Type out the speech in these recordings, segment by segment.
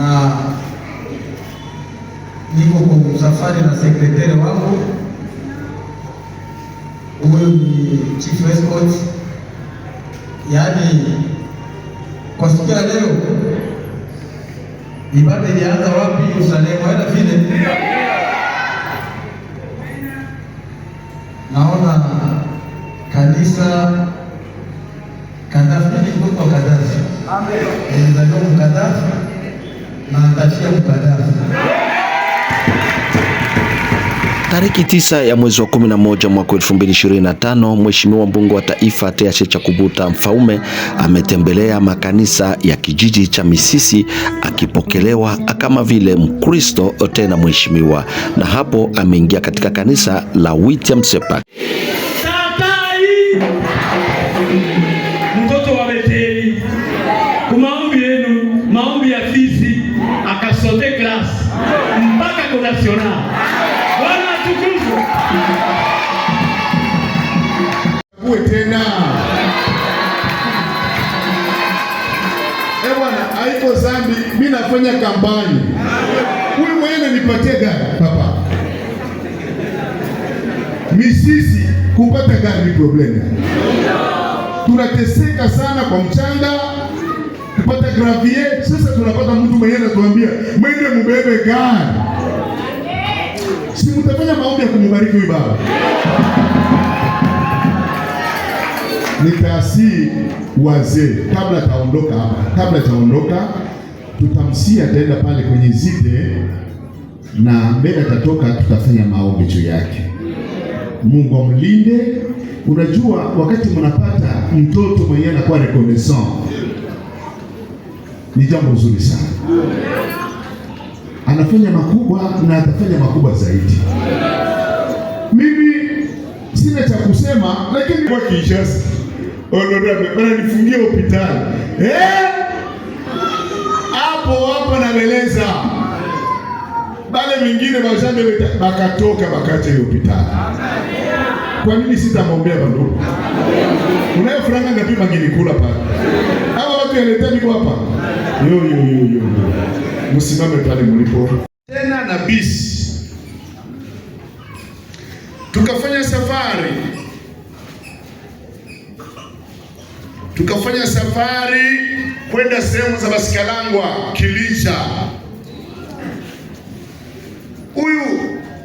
na niko kwa msafari na sekretari wangu, huyu ni chief escort. Yaani kwa siku ya leo ibada ilianza wapi? usalemu hata vile naona kanisa Kadhafi, niko kwa Kadhafi, Amen, ndio Kadhafi na Tariki tisa ya mwezi wa 11 mwaka 2025, Mheshimiwa mbunge wa taifa Teache Chakubuta Mfaume ametembelea makanisa ya kijiji cha Misisi akipokelewa kama vile Mkristo tena mheshimiwa, na hapo ameingia katika kanisa la Witiamsepak. Uwe tena ebwana, eh, haiko zambi. Mi nafanya kampani, huyu mwenye nanipatia gari papa, misisi kupata gari ni problemu. Tunateseka sana kwa mchanga kupata gravie. Sasa tunapata mtu mwenye anatuambia mwende mubebe gari si mtafanya maombi ya kumbariki huyu baba Nikasi wazee kabla taondoka hapa, kabla taondoka tutamsia, ataenda pale kwenye zite na mbele atatoka, tutafanya maombi juu yake. Mungu amlinde. Unajua, wakati mnapata mtoto mwenyewe anakuwa reconnaissant, ni jambo zuri sana anafanya makubwa na atafanya makubwa zaidi. Mimi sina cha kusema, lakini kwa Kinshasa nifungie hospitali eh? hapo hapo nabeleza bale mingine bashande bakatoka bakacha hospitali. Kwa nini sitamwombea bandugu? Unayo franga ngapi mangilikula pale? Hawa watu yaleta miko hapa. Yo yo yo yo msimame pale mlipo tena na bisi. Tukafanya safari, tukafanya safari kwenda sehemu za Basikalangwa, Kilicha. Huyu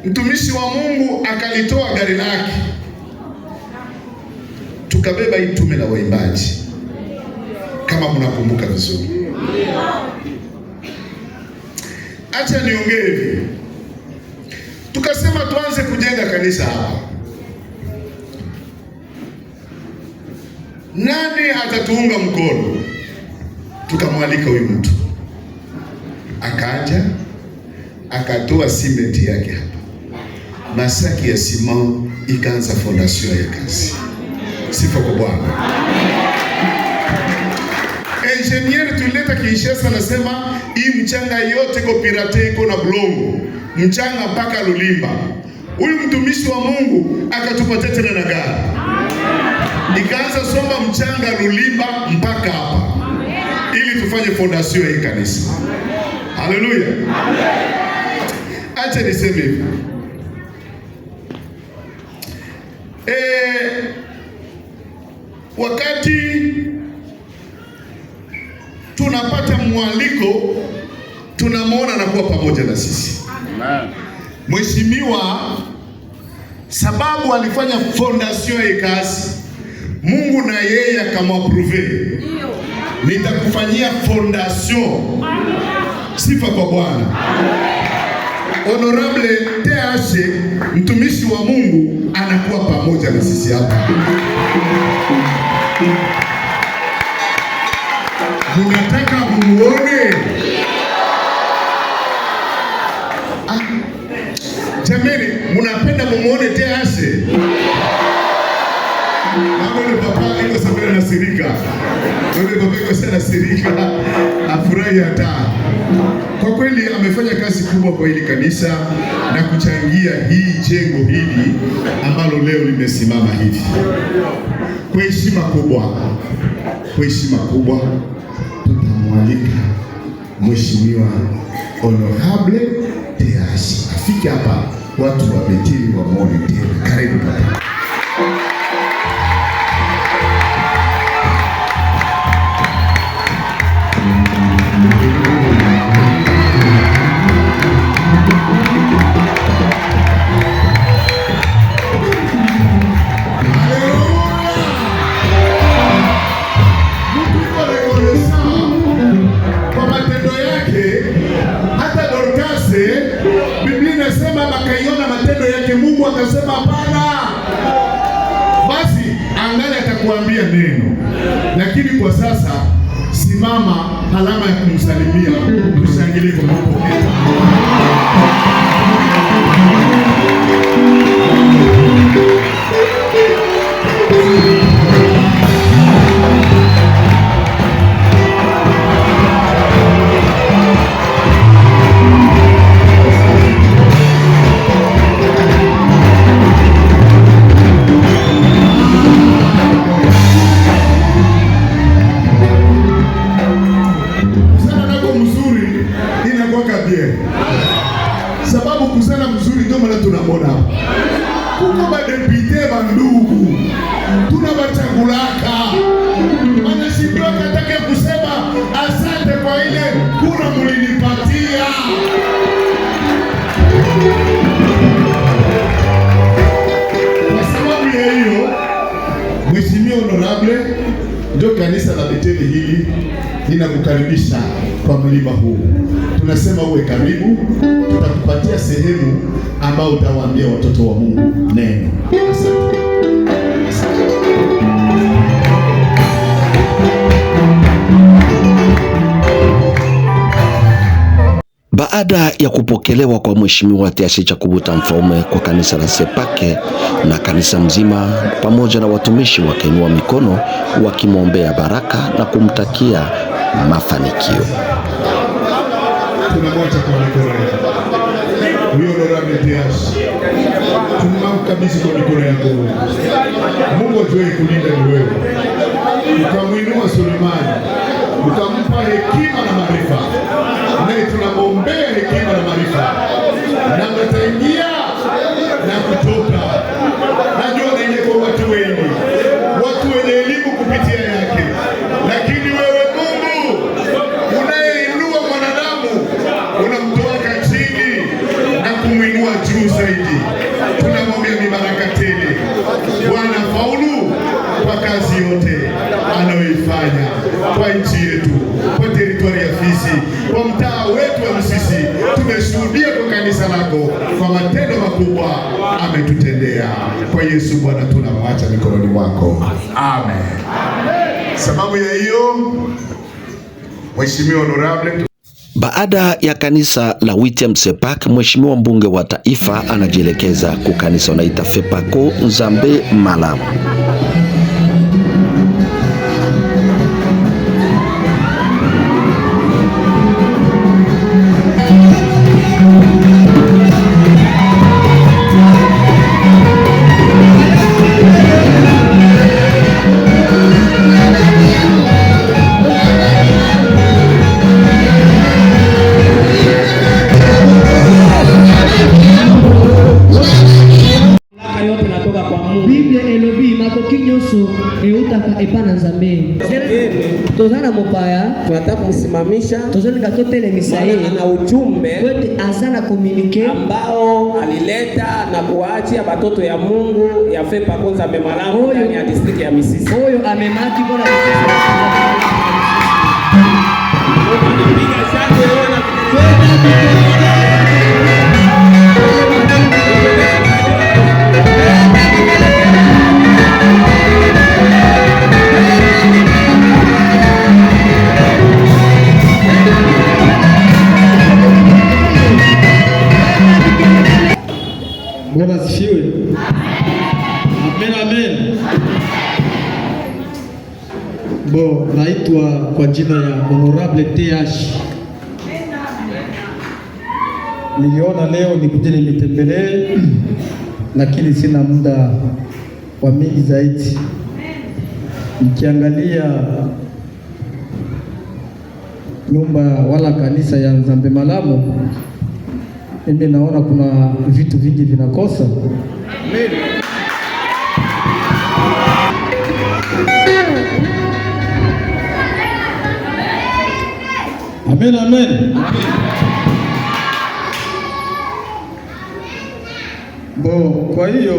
mtumishi wa Mungu akalitoa gari lake, tukabeba hii tume la waimbaji, kama mnakumbuka vizuri acha niongee hivi. Tukasema tuanze kujenga kanisa hapa. Nani atatuunga mkono? Tukamwalika huyu mtu, akaja akatoa simenti yake hapa, masaki ya simao, ikaanza fondasio ya kazi. Sifa kwa Bwana. Ingenieri tulileta Kinshasa, nasema hii mchanga yote iko pirate iko na blongo mchanga mpaka Lulimba. Huyu mtumishi wa Mungu akatupatia tena na gari, nikaanza soma mchanga Lulimba mpaka hapa ili tufanye fondasio ya hii kanisa. Haleluya! Acha niseme hivi eh, wakati tunapata mwaliko, tunamwona anakuwa pamoja na sisi. Mheshimiwa, sababu alifanya fondation ekazi, Mungu na yeye akamwaprove, nitakufanyia fondation. Sifa kwa Bwana. Honorable th mtumishi wa Mungu anakuwa pamoja na sisi hapa. Munataka muone ah. Jamani, munapenda mumuone Teashe Mambo papa na sirika. papa na sirika. Afurahi hata. Kwa kweli amefanya kazi kubwa kwa hili kanisa na kuchangia hii jengo hili ambalo leo limesimama hivi. Kwa heshima kubwa. Kwa heshima kubwa kumwalika Mheshimiwa Honorable Teashi afike hapa, watu wa Betili wamwone tena. Karibu baba. Salimia, tushangilie kwa Mungu. mbona kuko badepite bandugu tuna bachangulaka Ndio kanisa la Beteli hili linakukaribisha kwa mlima huu. Tunasema uwe karibu, tutakupatia sehemu ambayo utawaambia watoto wa Mungu neno. Baada ya kupokelewa kwa Mheshimiwa cha Chakubuta Mfaume kwa kanisa la Sepake na kanisa mzima pamoja na watumishi wakainua mikono wakimwombea baraka na kumtakia mafanikio. Tunamkabidhi kwa mikono yako Mungu atuwee kulinda ni wewe, ukamwinua Sulemani, ukampa hekima na maarifa, naye tunamwombea rehema na maarifa, na mtaingia na kutoka makubwa ametutendea. Kwa Yesu Bwana tunamwacha mikononi mwako, amen. Sababu ya hiyo, Mheshimiwa Honorable baada ya kanisa la Witiam Sepak, mheshimiwa mbunge wa taifa anajielekeza kukanisa unaita Fepako Nzambe Mala. wanataka kumsimamisha, ana ujumbe ambao alileta na kuachia batoto ya Mungu ya Fepa Konza Memalamu ndani ya district ya Misisi. Oyo amemaki bora naitwa kwa jina ya Honorable TH. Niliona leo nikuje nitembelee, lakini sina muda wa mingi zaidi. Nikiangalia nyumba wala kanisa ya Nzambe Malamu, mimi naona kuna vitu vingi vinakosa. Amen. Amen, amen, amen. Bo, kwa hiyo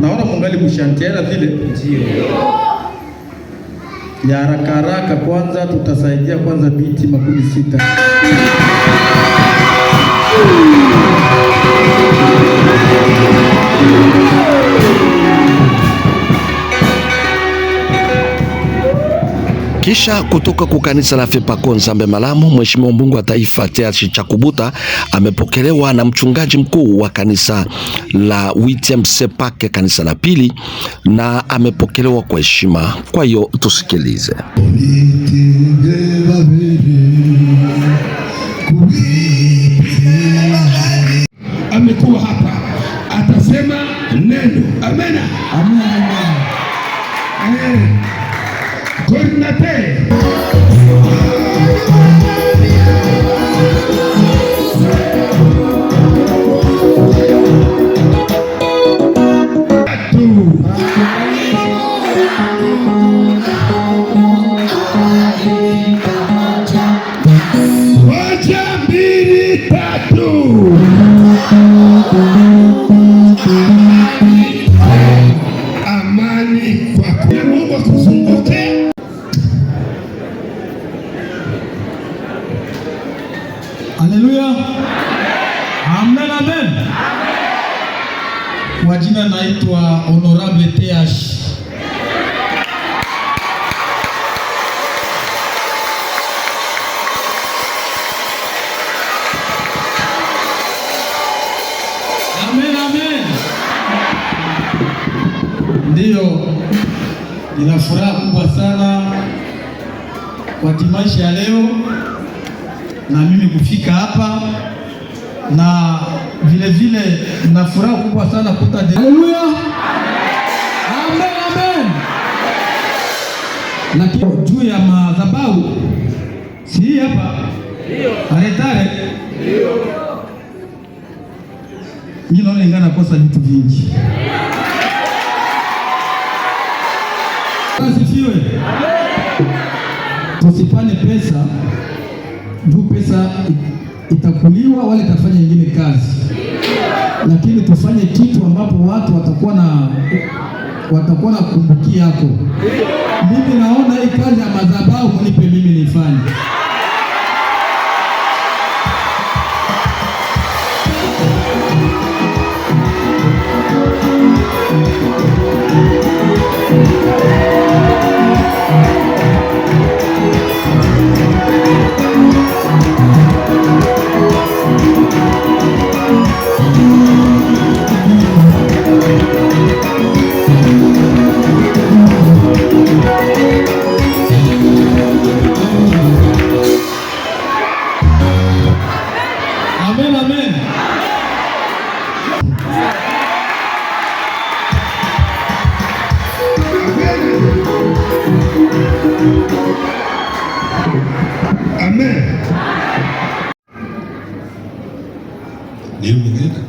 naona mungali kushantiana vile ya haraka haraka. Kwanza tutasaidia kwanza biti makumi sita Kisha kutoka kwa kanisa la Fepaco Nzambe Malamu, mheshimiwa Mbungu wa taifa cha Chakubuta amepokelewa na mchungaji mkuu wa kanisa la Witem Sepake, kanisa la pili, na amepokelewa kwa heshima. Kwa hiyo tusikilize. Amekuwa hapa atasema neno. Amena, amena. Amena. Eh. night. Amen, amen. Kwa jina naitwa Honorable Teash. Ndiyo, nina furaha kubwa sana kwa timasha ya leo na mimi kufika hapa na vile vile na furaha kubwa sana kuta. Haleluya, amen, amen. Na juu ya madhabahu si hapa aretare inaonekana kosa vitu vingi. Asifiwe. Tusipane pesa juu pesa itakuliwa wala itafanya ingine kazi, lakini tufanye kitu ambapo watu watakuwa na watakuwa na kumbukia yako. Mimi naona hii kazi ya madhabahu nipe mimi nifanye. Amém. Nenhum menino?